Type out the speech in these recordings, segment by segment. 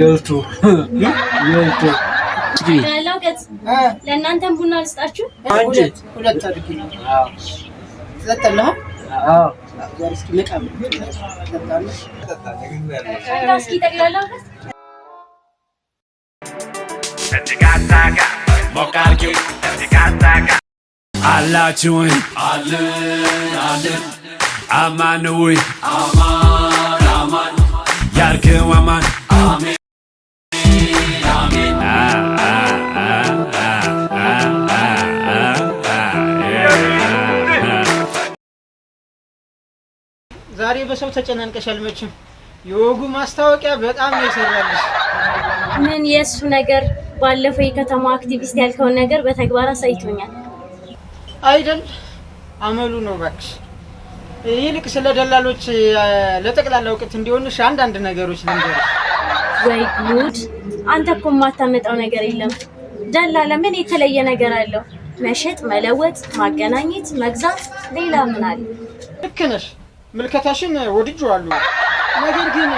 ገብቶ ገብቶ ለእናንተም ቡና ልስጣችሁ። አላችሁኝ አማን ወይ አማን አማን ያልከው አማን ዛሬ በሰው ተጨናንቀሽ አልመችም። የወጉ ማስታወቂያ በጣም ይሰራልሽ። ምን የእሱ ነገር ባለፈው የከተማ አክቲቪስት ያልከውን ነገር በተግባር አሳይቶኛል። አይደል አመሉ ነው እባክሽ። ይልቅ ስለ ደላሎች ለጠቅላላ እውቀት እንዲሆንሽ አንዳንድ ነገሮች ልንገርሽ። ወይ ጉድ! አንተ እኮ የማታመጣው ነገር የለም። ደላላ ምን የተለየ ነገር አለው? መሸጥ፣ መለወጥ፣ ማገናኘት፣ መግዛት፣ ሌላ ምን አለ? ልክ ነሽ። ምልከታሽን ወድጄዋለሁ። ነገር ግን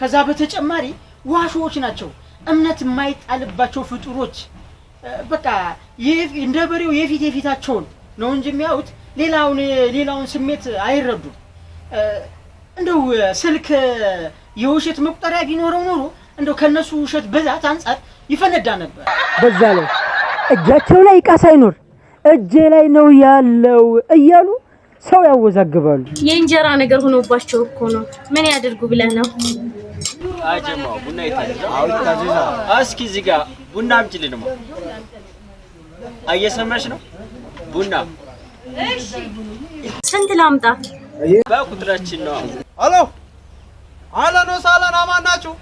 ከዛ በተጨማሪ ዋሾዎች ናቸው፣ እምነት የማይጣልባቸው ፍጡሮች። በቃ እንደ በሬው የፊት የፊታቸውን ነው እንጂ የሚያዩት ሌላውን ሌላውን ስሜት አይረዱም። እንደው ስልክ የውሸት መቁጠሪያ ቢኖረው ኖሮ እንደው ከነሱ ውሸት ብዛት አንጻር ይፈነዳ ነበር። በዛ ላይ እጃቸው ላይ እቃ ሳይኖር እጄ ላይ ነው ያለው እያሉ ሰው ያወዛግባሉ። የእንጀራ ነገር ሆኖባቸው እኮ ነው። ምን ያደርጉ ብለን ነው። አጀማው ቡና እስኪ እዚህ ጋር ቡና አምጪልኝ። እየሰማሽ ነው? ቡና ስንት ላምጣ? በቁጥራችን ነው። አሎ አለን ሳለን አማን ናችሁ?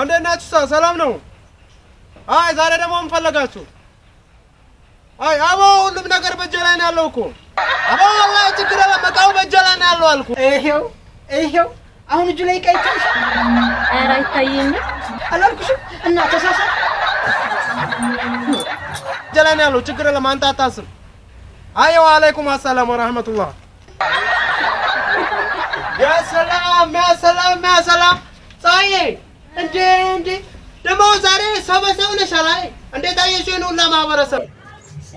እንዴት ናችሁ? ሰላም ነው? አይ ዛሬ ደግሞ ምን ፈለጋችሁ? አይ አቦ ሁሉም ነገር በእጄ ላይ ነው ያለው እኮ አሁን ወላሂ ችግር የለም እቃው በእጄ ላይ ነው ያለው አልኩህ። ይኸው ይኸው አሁን እጁ ላይ እቃ ይታይሻል? ኧረ አይታየኝም አላልኩሽም? እና ተሳሳ እጄ ላይ ነው ያለው። ችግር የለም አንተ አታስብ። አይ ወአለይኩም አሰላም ወረህመቱላህ። ያ ሰላም ያ ሰላም ያ ሰላም ፀሐዬ፣ እንዴ እንዴ ደግሞ ዛሬ ሰበሰብ ነሻል። እንዴት አየሽው? ይሄን ሁላ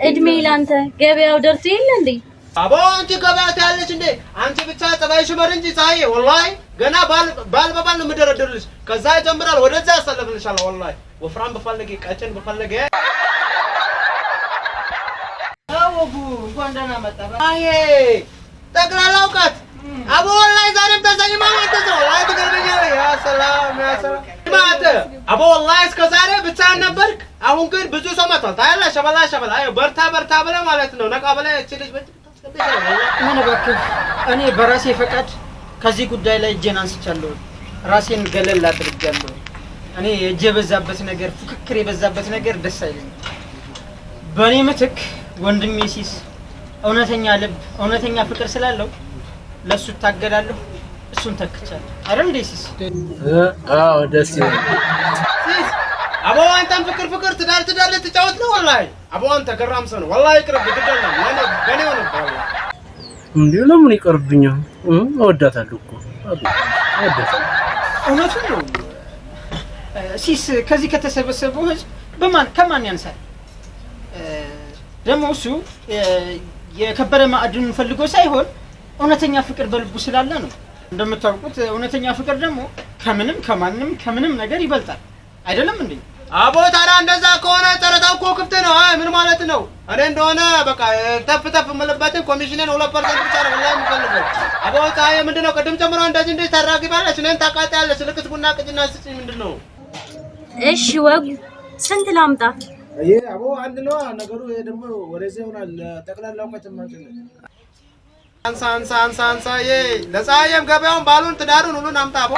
እድሜ ላንተ ገበያው ደርሶ የለ እንዴ? አቦ አንቺ ገበያ እንዴ? አንቺ ብቻ ጸባይሽ መር እንጂ ፀሐዬ፣ ወላሂ ገና ባል በባል ነው የምደረድርልሽ። ከዛ ይጀምራል ወደዛ ያሳለፍልሻል። ወላሂ ወፍራም በፈለገ ቀጭን በፈለገ ታወጉ እንኳን ደህና መጣ። አይ ጠቅላላ እውቀት አቦ ወላሂ ዛሬም ተሰይማ ማለት ነው። ላይ ትገርመኛለህ። ያ ሰላም ያ ሰላም ማተ አቦ እስከ ዛሬ ብቻህን ነበርክ። አሁን ግን ብዙ ሰው መጥቷል። ታያለህ፣ ሸበላ ሸበላ። አይ በርታ በርታ ብለህ ማለት ነው። ነቃ ብለህ እቺ ልጅ ምን እባክህ፣ እኔ በራሴ ፈቃድ ከዚህ ጉዳይ ላይ እጄን አንስቻለሁ። ራሴን ገለል አድርጌያለሁ። እኔ እጄ የበዛበት ነገር፣ ፉክክር የበዛበት ነገር ደስ አይለኝም። በእኔ ምትክ ወንድሜ ሲስ እውነተኛ ልብ፣ እውነተኛ ፍቅር ስላለው ለእሱ እታገላለሁ። እሱን ተክቻለሁ። አረ እንዴ አዎ፣ ደስ ይላል። አቦ አንተም ፍቅር ፍቅር ትዳር ትዳር ልትጫወት ነው? ወላሂ አቦ አንተ ገራም ሰው ነው ወላሂ። ቅርብ ግደላ ነው። ገኔ ለምን ይቀርብኛል? እወዳታለሁ እኮ እወዳታለሁ። ነው ሲስ። ከዚህ ከተሰበሰቡ ህዝብ በማን ከማን ያንሳል? ደግሞ እሱ የከበረ ማዕድኑን ፈልጎ ሳይሆን እውነተኛ ፍቅር በልቡ ስላለ ነው። እንደምታውቁት እውነተኛ ፍቅር ደግሞ ከምንም ከማንም ከምንም ነገር ይበልጣል። አይደለም እንዴ? አቦ ታዲያ እንደዛ ከሆነ ጨረታው እኮ ክፍት ነው። አይ ምን ማለት ነው? እኔ እንደሆነ በቃ ተፍ ተፍ የምልበትን ኮሚሽንን ሁለት ፐርሰንት ብቻ ነው ላይ የምፈልገው። አቦ ፀሐይ ምንድን ነው ቅድም ጨምሮ እንደዚህ እንዴ እንዴት ታራግባለች? እኔን ታቃጣለች። ልክት ቡና ቅጭና ስጭ ምንድን ነው? እሺ ወጉ ስንት ላምጣ? ይሄ አቦ አንድ ነዋ ነገሩ። ይሄ ደግሞ ወደዚህ ይሆናል ጠቅላላ ማለት ነው አንሳ አንሳ አንሳ አንሳ ዬ ለፀሐየም ገበያውን ባሉን ትዳሩን ሁሉን አምጣ ቦ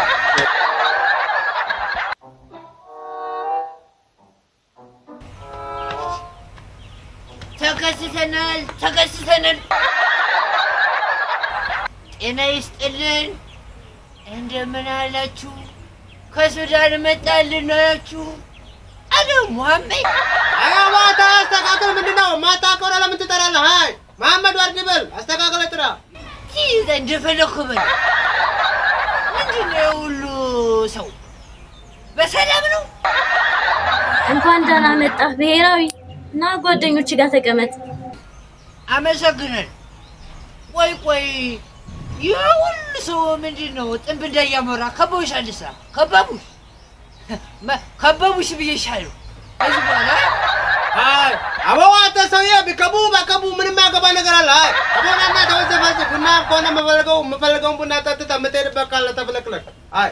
ተከስተናል ተከስተናል። ጤና ይስጥልን። እንደምን አላችሁ? ከሱዳን መጣልን አላችሁ። አለ ሙሐመድ አያ አስተካከል። ምንድን ነው ማታ ከሆነ ለምን ትጠራለህ? መሐመድ ወርድ በል አስተካከለ ጥራ ይህ እንደፈለክ በል። ምንድን ነው ሰው በሰላም ነው? እንኳን ደህና መጣህ ብሔራዊ እና ጓደኞች ጋር ተቀመጥ። አመሰግናል። ቆይ ቆይ ይህ ሁሉ ሰው ምንድን ነው? ጥንብ እንዳያመራ ከበቡሽ አልሳ ከበቡሽ ከበቡሽ ብዬሻለሁ። ከዚህ በኋላ አበባ ተሰውዬ ቢከቡ ባከቡ ምንም ያገባ ነገር አለ። አቦናና ተወዘፈዝ ቡና ከሆነ የምፈልገው የምፈልገውን ቡና ጠጥታ የምትሄድበት ካለ ተፍለቅለቅ። አይ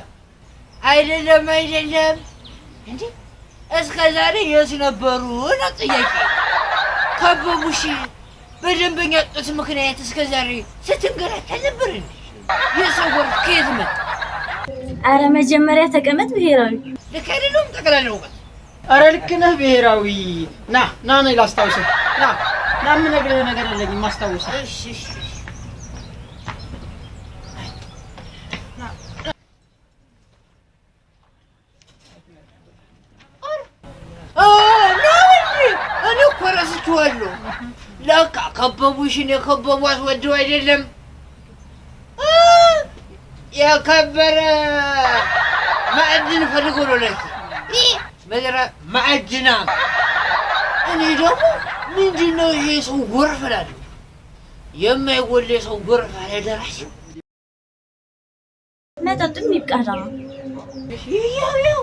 አይደለም አይደለም፣ እንዴ እስከ ዛሬ የት ነበሩ ነው ጥያቄ። ከበቡሽ በደንበኛ ጡት ምክንያት እስከ ዛሬ ስትንገላታ ነበር የሰው ወር ከየት መጣ? አረ መጀመሪያ ተቀመጥ ብሔራዊ ልክ አይደለሁም ጠቅላላ እውቀት ኧረ ልክ ነህ ብሔራዊ። ና ና ና ላስታውስህ። ና ና፣ የምነግርህ ነገር አለኝ የማስታውስህ። እኔ እኮ ረስቼዋለሁ። ለካ ከበቡሽን የከበቡ አስወደው አይደለም የከበረ ማዕድን ፈልጎ ነው ለካ ማዕድና እኔ ደግሞ ምንድን ነው ይሄ ሰው ጎርፍ እላለሁ። የማይጎል ሰው ጎርፍ አለደራሽ መጠጥም ይብቃዳ። ይኸው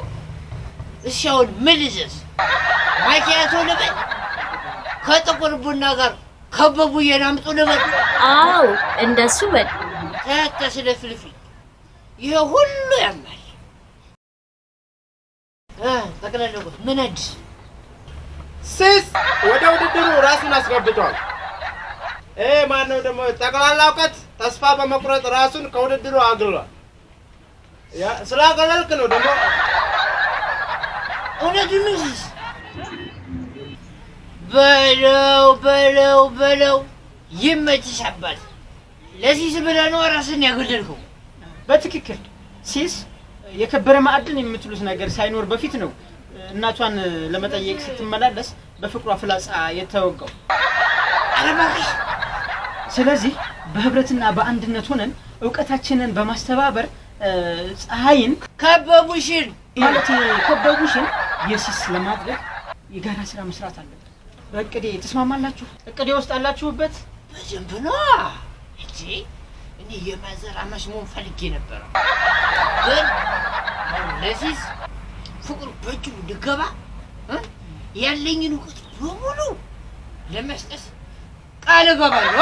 እሺ፣ አሁን ምን ማኪያቶ ልበል? ከጥቁር ቡና ጋር ከበቡዬን አምጡ ልበል? አዎ እንደሱ በል። ተያታ ፍልፍል ይሄ ሁሉ ያማል። ጠቅላይ ምነድ ስስ ወደ ውድድሩ ራሱን አስገብቷል። ማነው ደግሞ ጠቅላላ እውቀት ተስፋ በመቁረጥ ራሱን ከውድድሩ አግሏል። ስላገለልክ ነው ደግሞ እውነቱን በለው በለው በለው ይመችሽ አባት። ለሲስ ብለህ ነው ራስን ያገለልከው። በትክክል ሲስ የከበረ ማዕድን የምትሉት ነገር ሳይኖር በፊት ነው እናቷን ለመጠየቅ ስትመላለስ በፍቅሯ ፍላጻ የተወጋው። አረባሽ ስለዚህ በህብረትና በአንድነት ሆነን እውቀታችንን በማስተባበር ፀሐይን ከበቡሽን ማለት ከበቡሽን የሲስ ለማድረግ የጋራ ስራ መስራት አለብን። በእቅዴ ትስማማላችሁ? እቅዴ ውስጥ አላችሁበት? በደንብ ነዋ። እኔ የማዘር አማች መሆን ፈልጌ ነበረ፣ ግን ለዚህ ፍቅር በእጅጉ ልገባ ያለኝን እውቀት በሙሉ ለመስጠት ቃል እገባለሁ።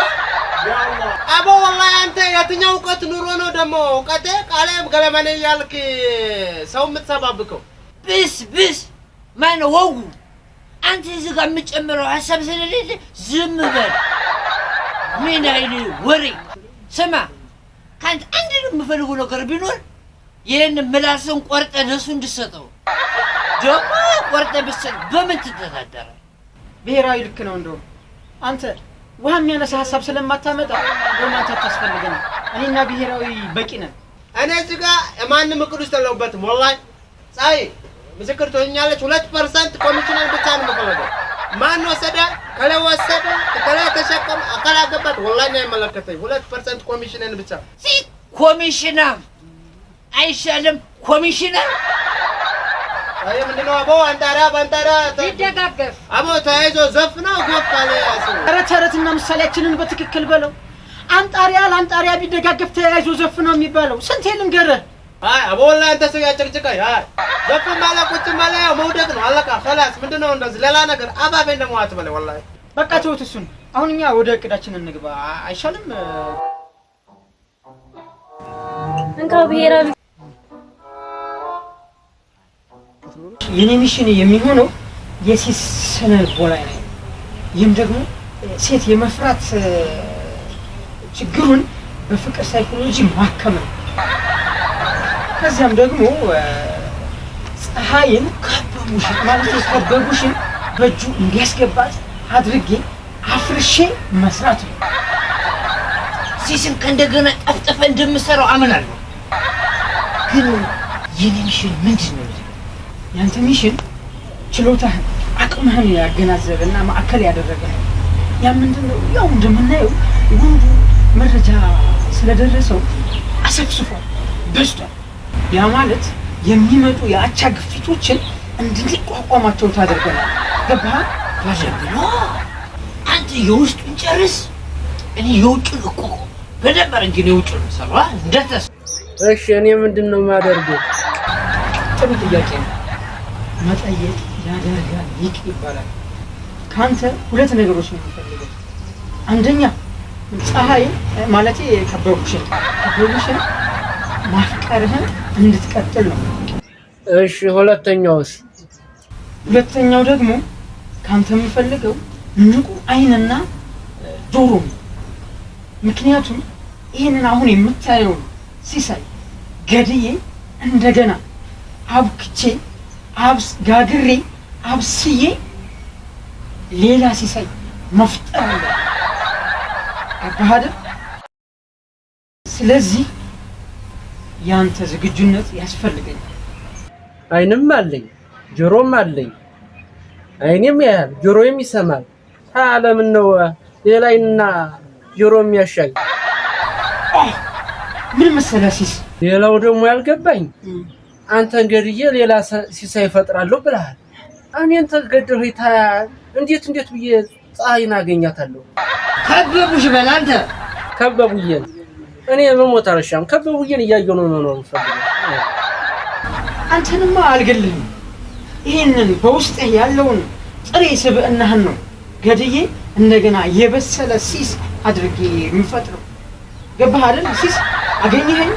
አቦ ወላሂ አንተ የትኛው እውቀት ኑሮ ነው ደግሞ እውቀቴ ቃለ ገለመኔ እያልክ ሰው የምትሰባብከው? ብስ ብስ ማነው ወጉ? አንተ እዚህ ጋር የምጨምረው ሀሳብ ስለሌለ ዝም በል። ምን አይነት ወሬ ስማ ከአንተ አንድ የምፈልገው ነገር ቢኖር ይህን ምላስን ቆርጠ ለሱ እንድሰጠው ደግሞ ቆርጠ ብሰጥ በምን ትተዳደራል? ብሔራዊ ልክ ነው። እንደውም አንተ ውሃ የሚያነሳ ሀሳብ ስለማታመጣ እንደውም አንተ እኔና ብሔራዊ በቂ ነን። እኔ እዚህ ጋ ማንም እቅድ ውስጥ የለሁበትም። ወላሂ ፀሐይ ምስክር ትሆኛለች። ሁለት ፐርሰንት ኮሚሽነር ብቻ ነው የምፈልገው ማን ወሰደ? ከላይ ወሰደ፣ ከላይ ተሸከመ፣ አካል አገባት። ወላሂ አይመለከተኝ። ሁለት ፐርሰንት ኮሚሽንን ብቻ ሲ ኮሚሽነር አይሻልም? ኮሚሽነር ምንድነው? አቦ አንታራ በአንጣራ ይደጋገፍ። አቦ ተያይዞ ነው ጎፋለ አለ። ኧረ ተረትና ምሳሌያችንን በትክክል በለው። አንጣሪያ ለአንጣሪያ ቢደጋገፍ ተያይዞ ዘፍ ነው የሚባለው ስንቴ ልንገርህ አይ አቦላ አንተ ሰው ያጨቅጭቀኝ። አይ ዘፈን ባለ ቁጭ ባለ ያው መውደቅ ነው አለቃ። ከላስ ምንድነው እንደዚህ ሌላ ነገር አባቤን ደግሞ አትበለኝ። ወላሂ በቃ ተውት እሱን። አሁን እኛ ወደ እቅዳችን እንግባ አይሻልም? እንካ ብሔራዊ የኔ ሚሽን የሚሆነው የሴት ስነ ልቦና ነው። ይህም ደግሞ ሴት የመፍራት ችግሩን በፍቅር ሳይኮሎጂ ማከም ነው። ከዚያም ደግሞ ፀሐይን ከበቡሽን ማለት ከበቡሽን በእጁ እንዲያስገባት አድርጌ አፍርሼ መስራት ነው። ሲስን ከእንደገና ጠፍጠፈ እንደምሰራው አምናለሁ። ግን የኔ ሚሽን ምንድን ነው? ያንተ ሚሽን ችሎታህን አቅምህን ያገናዘበና ማዕከል ያደረገ ነው። ያ ምንድን ነው? ያው እንደምናየው ወንዱ መረጃ ስለደረሰው አሰብስፏል፣ በዝቷል። ያ ማለት የሚመጡ የአቻ ግፊቶችን እንድንቋቋማቸው ታደርገናል። ገባ ባዘግኖ አንተ የውስጡን ጨርስ፣ እኔ የውጭን እኮ በደንብ በደንበር እንጂ የውጭን ሰራ እንደተስ እሺ፣ እኔ ምንድን ነው የማደርገው? ጥሩ ጥያቄ ነው። መጠየቅ ያደርጋል ይቅ ይባላል። ከአንተ ሁለት ነገሮች ነው የምፈልገው። አንደኛ ፀሐይ ማለቴ ከበጉሽን ከበጉሽን ማፍቀርህን እንድትቀጥል ነው። እሺ፣ ሁለተኛውስ? ሁለተኛው ደግሞ ከአንተ የምፈልገው ንቁ አይንና ጆሮ ነው። ምክንያቱም ይህንን አሁን የምታየው ሲሳይ ገድዬ እንደገና አብክቼ አብስ ጋግሬ አብስዬ ሌላ ሲሳይ መፍጠር አለ። ስለዚህ የአንተ ዝግጁነት ያስፈልገኛል። አይንም አለኝ ጆሮም አለኝ። አይኔም ያያል ጆሮዬም ይሰማል። ታለም ነው ሌላ አይንና ጆሮ የሚያሻይ ምን መሰለህ ሲስ ሌላው ደግሞ ያልገባኝ አንተ እንገድዬ ሌላ ሲሳይ ይፈጥራለሁ ብለሃል። እኔን ተገደሁ እንዴት እንዴት ብዬ ፀሐይን አገኛታለሁ? ከበቡሽ በላንተ አንተ ከበቡዬ እኔ በሞት አልሻም። ከበቡዬን እያየሁ ነው መኖር ፈልገው። አንተንማ አልገልህም። ይህንን በውስጥ ያለውን ጥሬ ስብዕናህን ነው ገድዬ እንደገና የበሰለ ሲስ አድርጌ የምፈጥረው። ገባህ አይደል? ሲስ አገኘኸኝ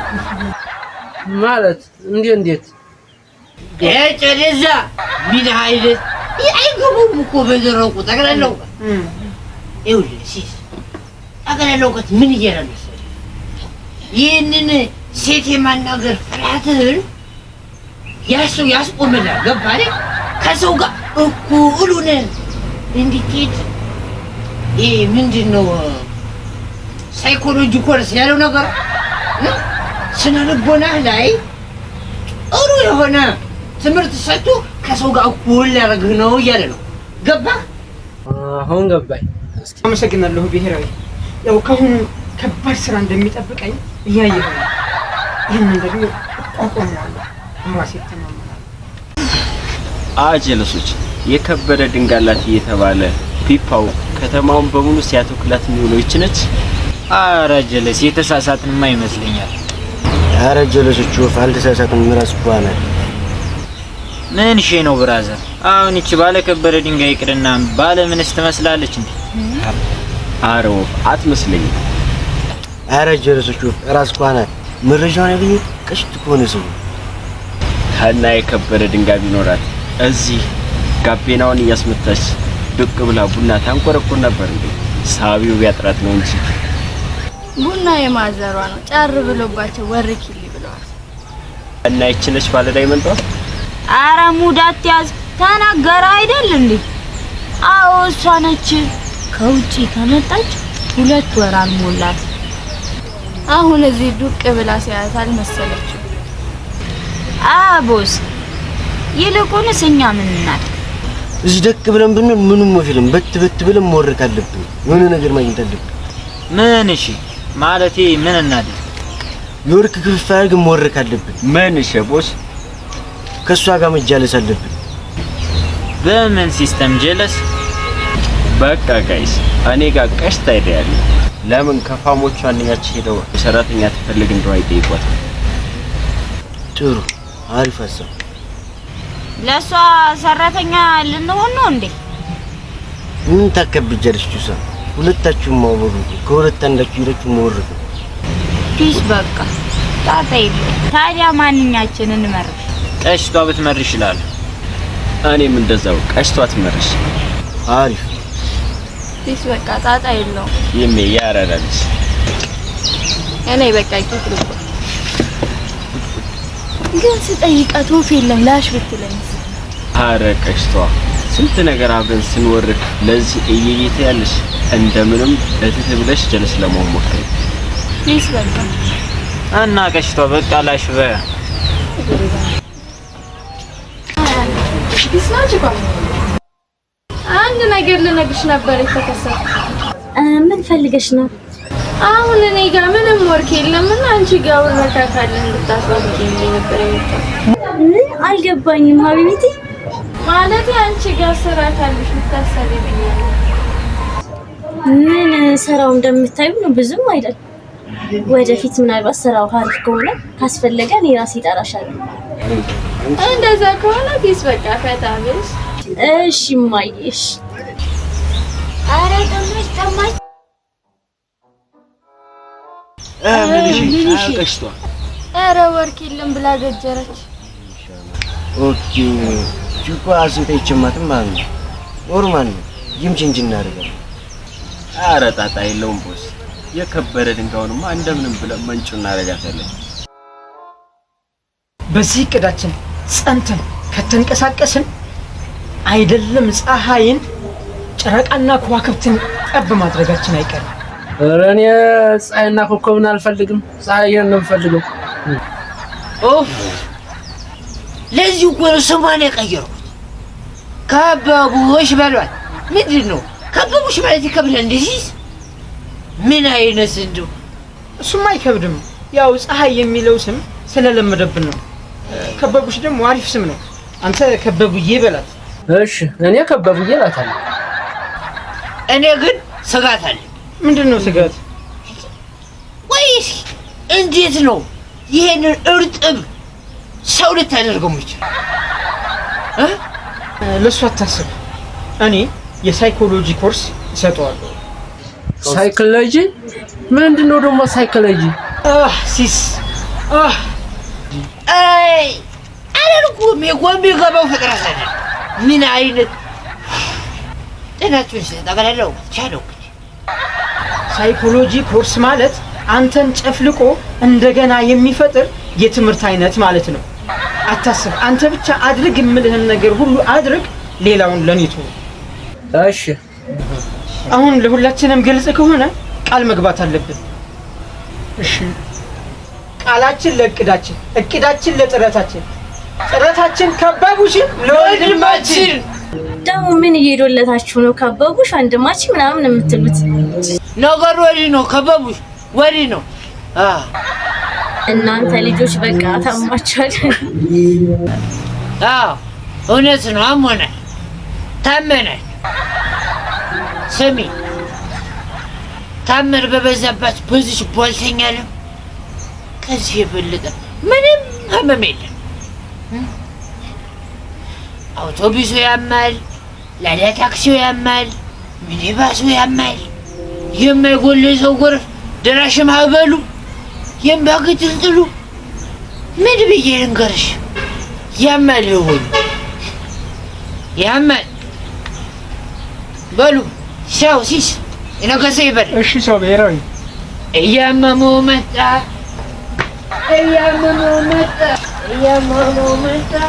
ማለት እንዴ? እንዴት ጨደዛ ቢድ አይነት አይገቡም እኮ በደረቁ ጠቅላላ እውቀት። ሲስ ጠቅላላ እውቀት ምን እያለ ይህንን ሴት የማናገር ፍርሃትህን ያሰው ያስቆመናል። ገባህ? ከሰው ጋር እኩል ሆነን እንድትሄድ ይህ ምንድን ነው ሳይኮሎጂ ኮርስ ያለው ነገር ስነ ልቦናህ ላይ ጥሩ የሆነ ትምህርት ሰጥቶ ከሰው ጋር እኩል ሊያደርግህ ነው እያለ ነው። ገባህ? አሁን ገባኝ። አመሰግናለሁ ብሔራዊ። ያው ከአሁኑ ከባድ ስራ እንደሚጠብቀኝ እያየሁ ነው። ይህን ነገር ቋቋም ያለ እራሴ አጀለሶች የከበደ ድንጋላት እየተባለ ፒፓው ከተማውን በሙሉ ሲያተኩላት የሚውለው ይች ነች። አረ ጀለስ የተሳሳትንማ ይመስለኛል። አረ ጀለሶች ወፍ አልተሳሳትንም፣ ራስ ባነ ምን ሼ ነው ብራዘር። አሁን ይቺ ባለ ከበደ ድንጋይ ይቅርና ባለ ምንስ ትመስላለች እንዴ? አረ ወፍ አትመስለኝም። አረ ጀርሶቹ ራስ ኳነ መረጃውን ያገኘ ቀሽት ከሆነ ሰው ሀና የከበረ ድንጋይ ቢኖራት እዚህ ጋቤናውን እያስመታች ዱቅ ብላ ቡና ታንቆረቁር ነበር። እንዴ ሳቢው ቢያጥራት ነው እንጂ ቡና የማዘሯ ነው። ጫር ብሎባቸው ወርኪል ብለዋል። እና ይችነች ባለ ላይ አረ ሙዳት ያዝ ተናገረ አይደል እንዴ? አዎ እሷ ነች። ከውጪ ከመጣች ሁለት ወር አልሞላት። አሁን እዚህ ዱቅ ብላ ሲያያት አልመሰለችም። አቦስ ይልቁንስ እኛ ምን እናድርግ? እዚህ ደቅ ብለን ብንል ምንም ወፊልም በት በት ብለን መወረቅ አለብን። የሆነ ነገር ማግኘት አለብን። ምን? እሺ ማለቴ ምን እናድርግ? የወርቅ ክፍፍል አድርገን መወረቅ አለብን። ምን? እሺ ቦስ ከእሷ ጋር መጃለስ አለብን። በምን ሲስተም ጀለስ? በቃ ጋይስ እኔ ጋር ቀሽታ ይደያለሁ ለምን ከፋሞቹ አንደኛች ሄደው የሰራተኛ ትፈልግ እንደው አይጠይቋት። ጥሩ አሪፍ ሀሳብ። ለእሷ ሰራተኛ ልንሆን ነው እንዴ? ምን ታከብጃለሽ? ጁሳ ሁለታችሁም ማወሩ ከሁለት አንዳችሁ ይረችሁ መወረዱ ፒስ በቃ ጣጣ የለ። ታዲያ ማንኛችንን እንመርሽ? ቀሽቷ ብትመርሽ ይላል። እኔም እንደዛው ቀሽቷ ትመርሽ። አሪፍ ጢስ በቃ ጣጣ የለውም። ይሜ ያረዳልሽ እኔ በቃ ቂጥ ግን ስጠይቃት ወፍ የለም ላሽ ብትለኝ አረቀሽቷ ስንት ነገር አብረን ስንወርድ ለዚህ እየየተ ያለሽ እንደምንም እትት ብለሽ ጀለስ ለመሆን በቃ እና ቀሽቷ በቃ ላሽ በ ነገር ልነግርሽ ነበር የተከሰተው። ምን ፈልገሽ ነው? አሁን እኔ ጋር ምንም ወርክ የለም እና አንቺ ጋር ካለ ነበር የመጣው። ምን አልገባኝም ሀቢቢቲ። ማለት አንቺ ጋር ስራ ካለሽ ምን ስራው እንደምታዩ ነው ብዙም አይደል። ወደፊት ምናልባት ስራው ከሆነ ካስፈለገ እኔ ራሴ እንደዛ ከሆነ በቃ እሺ ማየሽ ኧረ ወርቅ የለም ብላ ገጀረች። ኦኬ ቺኳ አስንታ ይችማትም ማለት ነው። ኖርማል ነው። እናደርጋለን። ኧረ ጣጣ የለውም ቦስ። የከበረ ድንጋዩንማ እንደምንም ብለን መንጩ እናደርጋታለን። በዚህ እቅዳችን ጸንተን ከተንቀሳቀስን አይደለም ፀሐይን ጨረቃና ከዋክብትን ጠብ ማድረጋችን አይቀርም። ኧረ እኔ ፀሐይና ኮከብን አልፈልግም፣ ፀሐይን ነው የምፈልገው። ኦፍ ለዚህ እኮ ነው ስሟን የቀየርኩት። ከበቡሽ በሏል። ምንድን ነው ከበቡሽ ማለት ይከብዳል እንደዚህ? ምን አይነት እንደው እሱም አይከብድም። ያው ፀሐይ የሚለው ስም ስለለመደብን ነው። ከበቡሽ ደግሞ አሪፍ ስም ነው። አንተ ከበቡዬ በላት። እሺ እኔ ከበቡዬ እላታለሁ። እኔ ግን ስጋት አለ። ምንድን ነው ስጋት? ወይስ እንዴት ነው ይሄንን እርጥብ ሰው ልታደርገው የሚችል? ለእሱ አታስብ። እኔ የሳይኮሎጂ ኮርስ እሰጠዋለሁ። ሳይኮሎጂ? ምንድን ነው ደግሞ ሳይኮሎጂ? ሲስ አይ አላልኩም። የጎሚ ገባው ምን አይነት ጤናችሁን ስጠቀለለው ቻለው ሳይኮሎጂ ኮርስ ማለት አንተን ጨፍልቆ እንደገና የሚፈጥር የትምህርት አይነት ማለት ነው። አታስብ፣ አንተ ብቻ አድርግ የምልህን ነገር ሁሉ አድርግ፣ ሌላውን ለኔቱ። እሺ፣ አሁን ለሁላችንም ግልጽ ከሆነ ቃል መግባት አለብን። እሺ፣ ቃላችን ለእቅዳችን፣ እቅዳችን ለጥረታችን፣ ጥረታችን ከባቡሽን ለወንድማችን ደግሞ ምን እየሄዶለታችሁ ነው? ከበቡሽ አንድማች ምናምን የምትሉት ነገር ወዲህ ነው። ከበቡሽ ወዲህ ነው። እናንተ ልጆች በቃ ታማችኋል። አዎ እውነት ነው። አሞነ ታመነ ስሚ ታመር በበዛባት በዚች ቧልተኛለም። ከዚህ የበለጠ ምንም ህመም የለም። አውቶቡሱ ያማል፣ ላዳ ታክሲው ያማል፣ ሚኒባሱ ያማል። የማይጎል ሰው ጎርፍ ደራሽ ማህበሉ የምባግትልጥሉ ምን ብዬ ልንገርሽ? ያማል ይሆን ያማል። በሉ ሰው ሲስ የነገሰ ይበል። እሺ ሰው ብሔራዊ እያመመው መጣ እያመመው መጣ እያመመው መጣ